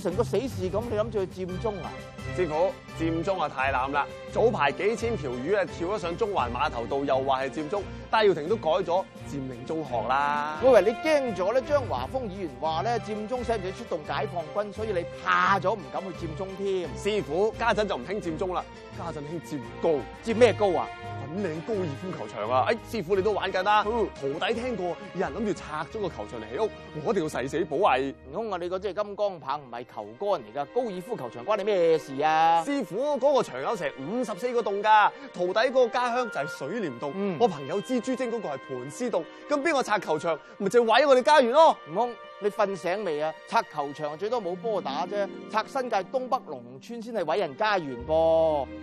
成個死事咁，你諗住去佔中啊？師傅佔中啊太濫啦！早排幾千條魚啊跳咗上中環碼頭度，又話係佔中，戴耀廷都改咗佔領中學啦。喂喂，你驚咗咧？張華峰議員話咧，佔中使唔使出動解放軍，所以你怕咗唔敢去佔中添？師傅家陣就唔興佔中啦，家陣興佔高佔咩高啊？咁靚，高爾夫球場啊！哎，師傅你都玩緊啦。啊，嗯、徒弟聽過，有人諗住拆咗個球場嚟起屋，我哋要誓死保衛。悟空、嗯、啊，你嗰隻係金剛棒唔係球桿嚟噶，高爾夫球場關你咩事啊？師傅嗰、嗰個場有成五十四個洞噶，徒弟個家鄉就係水簾洞，嗯、我朋友蜘蛛精嗰個係盤絲洞，咁邊個拆球場，咪就毀、是、我哋家園咯。啊，悟空、嗯？你瞓醒未啊？拆球場最多冇波打啫，拆新界東北農村先係毀人家園噃。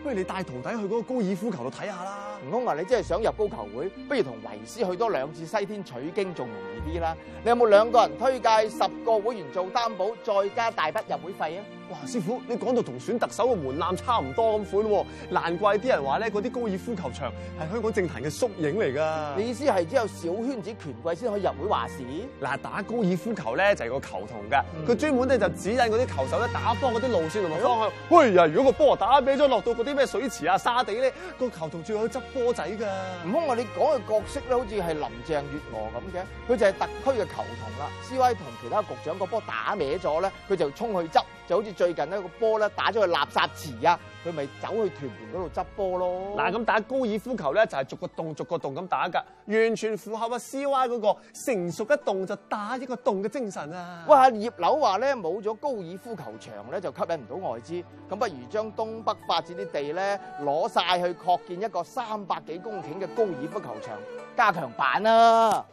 不如你帶徒弟去嗰個高爾夫球度睇下啦。悟空啊，你真係想入高球會，不如同為師去多兩次西天取經仲容易啲啦。你有冇兩個人推介十個會員做擔保，再加大筆入會費啊？哇！師傅，你講到同選特首嘅門檻差唔多咁款喎，難怪啲人話咧，嗰啲高爾夫球場係香港政壇嘅縮影嚟㗎。你意思係只有小圈子權貴先可以入會話事嗱？打高爾夫球咧就係、是、個球童㗎，佢專門咧就指引嗰啲球手咧打波嗰啲路線同埋方向。哎呀的，如果個波打歪咗，落到嗰啲咩水池啊、沙地咧，個球童就要去執波仔㗎。唔通我哋講嘅角色咧，好似係林鄭月娥咁嘅？佢就係特區嘅球童啦。CY 同其他局長個波打歪咗咧，佢就衝去執。就好似最近呢個波咧打咗去垃圾池啊，佢咪走去屯門嗰度執波咯。嗱，咁打高爾夫球咧就係逐個洞逐個洞咁打㗎，完全符合啊 C Y 嗰、那個成熟一洞就打一個洞嘅精神啊。哇！葉劉話咧冇咗高爾夫球場咧就吸引唔到外資，咁不如將東北發展啲地咧攞晒去擴建一個三百幾公頃嘅高爾夫球場加強版啦。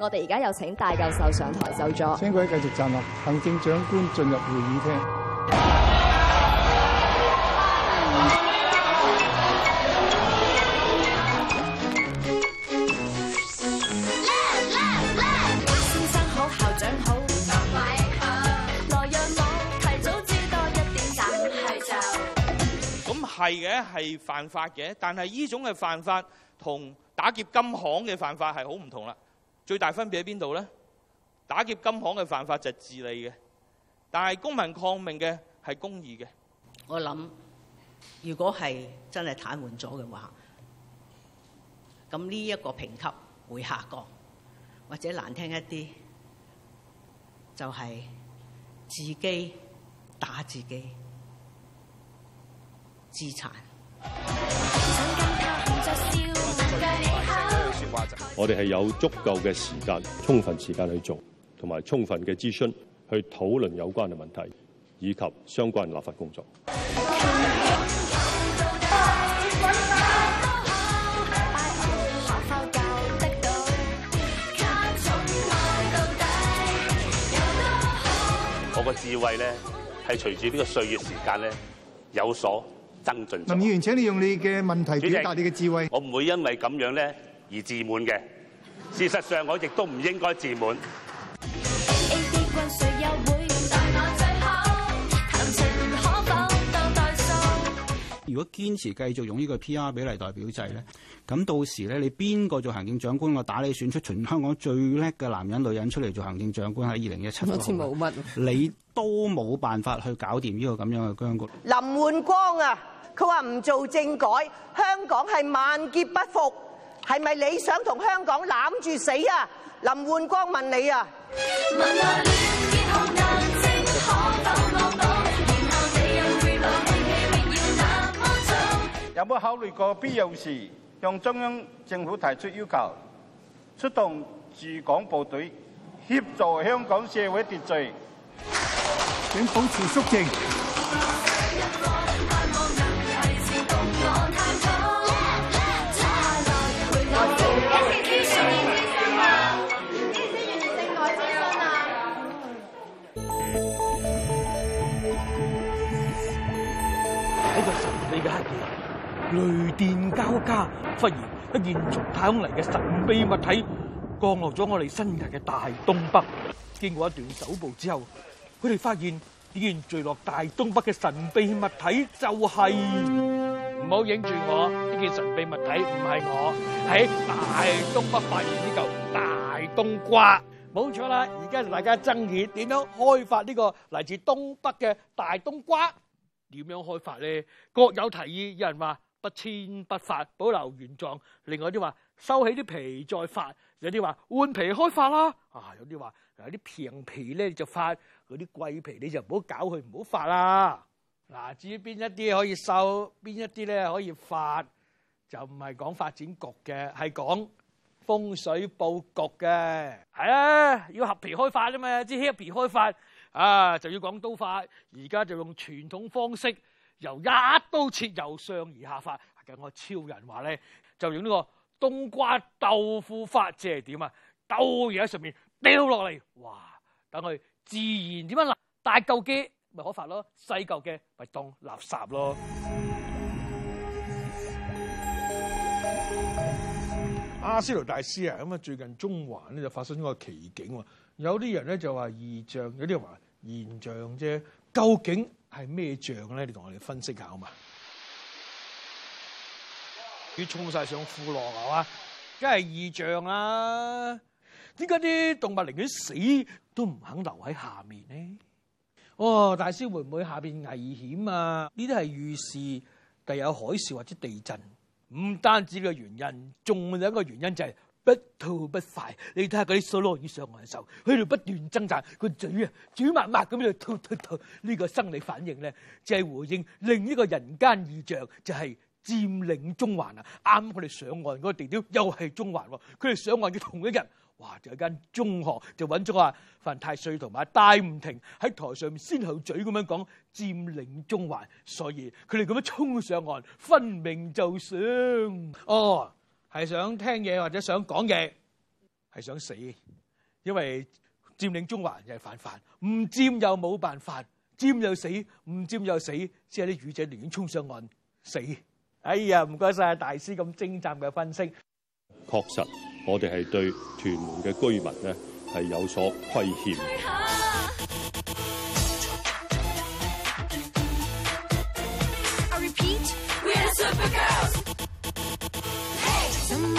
我哋而家有請戴教授上台就座。請各位繼續站立，行政長官進入會議廳。先生好，校長好， 各位好，來讓我提早知多一點，就咁係嘅，係犯法嘅。但係呢種嘅犯法同打劫金行嘅犯法係好唔同啦。最大分別喺邊度咧？打劫金行嘅犯法就係自利嘅，但係公民抗命嘅係公義嘅。我諗，如果係真係癱瘓咗嘅話，咁呢一個評級會下降，或者難聽一啲，就係、是、自己打自己，自殘。我哋係有足夠嘅時間，充分時間去做，同埋充分嘅諮詢去討論有關嘅問題，以及相關立法工作。我個智慧咧，係隨住呢個歲月時間咧有所增進。林議員，請你用你嘅問題表席達你嘅智慧。我唔會因為咁樣咧。而自滿嘅，事實上，我亦都唔應該自滿。如果堅持繼續用呢個 PR 比例代表制咧，咁到時咧，你邊個做行政長官，我打你選出全香港最叻嘅男人女人出嚟做行政長官喺二零一七年，好似冇乜，你都冇辦法去搞掂呢個咁樣嘅僵局。林煥光啊，佢話唔做政改，香港係萬劫不復。係咪你想同香港攬住死啊？林煥光問你啊！有冇考慮過必要時向中央政府提出要求，出動駐港部隊協助香港社會秩序，請保持肅靜。嘅黑嘢，雷電交加，忽然一件從太空嚟嘅神秘物體降落咗我哋新界嘅大東北，經過一段搜捕之後，佢哋發現呢件墜落大東北嘅神秘物體就係，唔好影住我。呢件神秘物體唔係我喺大東北發現呢嚿大冬瓜，冇錯啦！而家大家爭先點樣開發呢個嚟自東北嘅大冬瓜。點樣開發咧？各有提議，有人話不遷不發，保留原狀；另外啲話收起啲皮再發，有啲話換皮開發啦。啊，有啲話有啲平皮咧就發，嗰啲貴皮你就唔好搞佢，唔好發啊。嗱，至於邊一啲可以收，邊一啲咧可以發，就唔係講發展局嘅，係講風水佈局嘅。係啊，要合皮開發啫嘛，即係合皮開發。啊！就要講刀法，而家就用傳統方式，由一刀切由上而下法。咁我超人話咧，就用呢個冬瓜豆腐法，即係點啊？兜嘢喺上面掉落嚟，哇！等佢自然點樣啦。大嚿嘅咪可發咯，細嚿嘅咪當垃圾咯。阿斯羅大師啊，咁啊最近中環咧就發生咗個奇景喎。有啲人咧就話異象，有啲人話現象啫。究竟係咩象咧？你同我哋分析下啊嘛！啲衝晒上富浪係嘛？梗係異象啦，啊！點解啲動物寧願死都唔肯留喺下面呢？哦，大師會唔會下邊危險啊？呢啲係預示，又有海嘯或者地震。唔單止個原因，仲有一個原因就係、是。不吐不快，你睇下嗰啲所羅伊上岸嘅時候，喺度不斷掙扎，個嘴啊，嘴密密咁喺度吐吐吐，呢個生理反應咧，就係回應另一個人間異象，就係佔領中環啊！啱佢哋上岸嗰個地點又係中環，佢哋上岸嘅同一日，哇！就有間中學就揾咗阿范太歲同埋戴吾婷喺台上面先後嘴咁樣講佔領中環，所以佢哋咁樣衝上岸，分明就上哦。係想聽嘢，或者想講嘢，係想死，因為佔領中環又係犯法，唔佔又冇辦法，佔又死，唔佔又死，只有啲魚仔亂衝上岸死。哎呀，唔該晒大師咁精湛嘅分析，確實我哋係對屯門嘅居民咧係有所虧欠。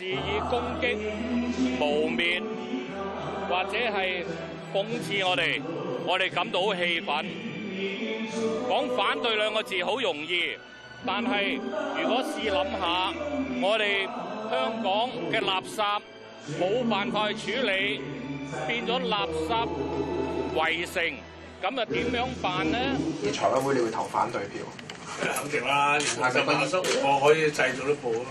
是以攻擊、污蔑或者係諷刺我哋，我哋感到好氣憤。講反對兩個字好容易，但係如果試諗下，我哋香港嘅垃圾冇辦法去處理，變咗垃圾圍城，咁啊點樣辦呢？啲財委會你會投反對票？肯定啦，然後就馬叔我可以製造一部啊嘛。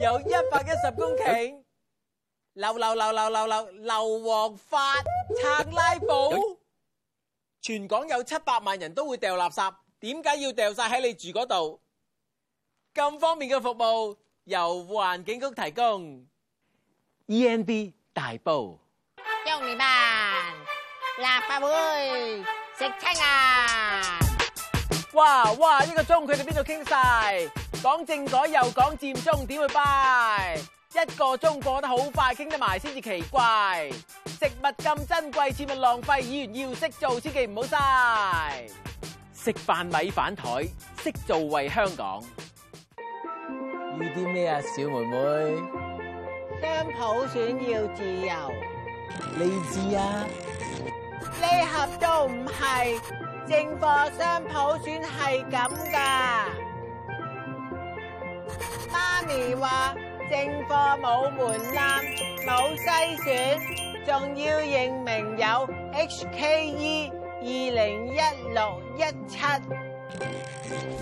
有一百一十公頃，流流流流流流流黃發拆拉布，全港有七百萬人都會掉垃圾，點解要掉晒喺你住嗰度？咁方便嘅服務由環境局提供，E N B 大布，兄弟們，立法會食青啊！哇哇！一個鐘佢哋邊度傾晒，講政改又講佔中，點會敗？一個鐘過得好快，傾得埋先至奇怪。食物咁珍貴，切勿浪費，議員要識做，千祈唔好嘥。食飯米反台，識做為香港。要啲咩啊，小妹妹？雙普選要自由。你知啊？呢盒都唔係。正貨商普選係咁噶，媽咪話正貨冇門檻冇篩選，仲要認明有 HKE 二零一六一七。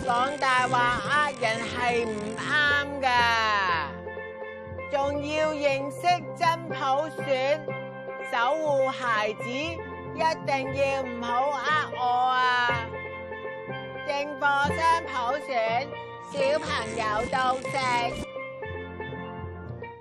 講大話呃人係唔啱噶，仲要認識真普選，守護孩子一定要唔好呃。個張普選小朋友都正。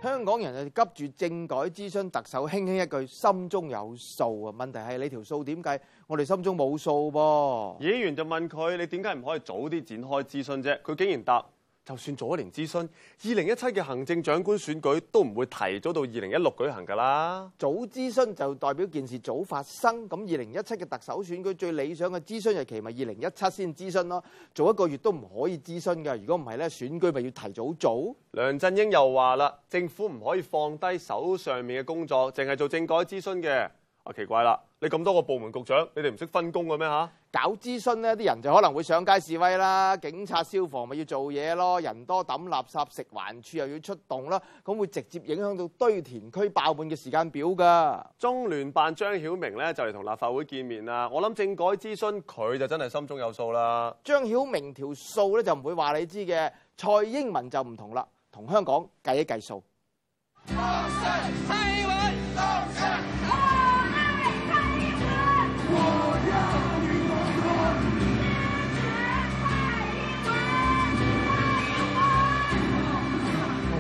香港人啊，急住政改諮詢，特首輕輕一句心中有數啊。問題係你條數點計？我哋心中冇數噃。議員就問佢：你點解唔可以早啲展開諮詢啫？佢竟然答。就算早一年諮詢，二零一七嘅行政長官選舉都唔會提早到二零一六舉行㗎啦。早諮詢就代表件事早發生，咁二零一七嘅特首選舉最理想嘅諮詢日期咪二零一七先諮詢咯。做一個月都唔可以諮詢㗎，如果唔係咧選舉咪要提早做。梁振英又話啦，政府唔可以放低手上面嘅工作，淨係做政改諮詢嘅。啊奇怪啦！你咁多個部門局長，你哋唔識分工嘅咩吓？搞諮詢呢啲人就可能會上街示威啦。警察、消防咪要做嘢咯。人多抌垃圾，食環處又要出動啦。咁會直接影響到堆填區爆滿嘅時間表噶。中聯辦張曉明呢就嚟同立法會見面啦。我諗政改諮詢佢就真係心中有數啦。張曉明條數咧就唔會話你知嘅。蔡英文就唔同啦，同香港計一計數。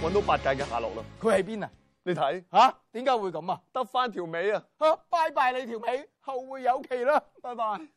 搵到八戒嘅下落啦！佢喺邊啊？你睇吓，點解會咁啊？得返條尾啊！嚇、啊，拜拜你條尾，後會有期啦！拜拜。